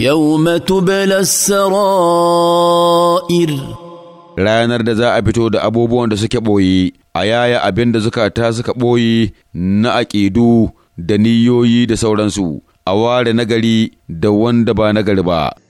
يوم تبلى السرائر ranar da za a fito da abubuwan da suke ɓoye a yaya abin da zukata suka ɓoye na aƙidu da niyoyi da sauransu a ware nagari da wanda ba nagari ba